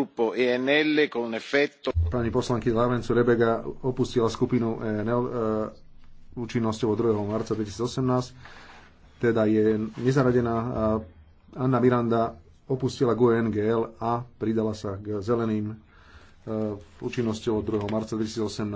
gruppo ENL con effetto... Pani poslanky Lavencu Rebega opustila skupinu ENL e, účinnosťou 2. marca 2018, teda je nezaradená Anna Miranda opustila GUNGL e a pridala sa k zeleným e, účinnosťou 2. marca 2018.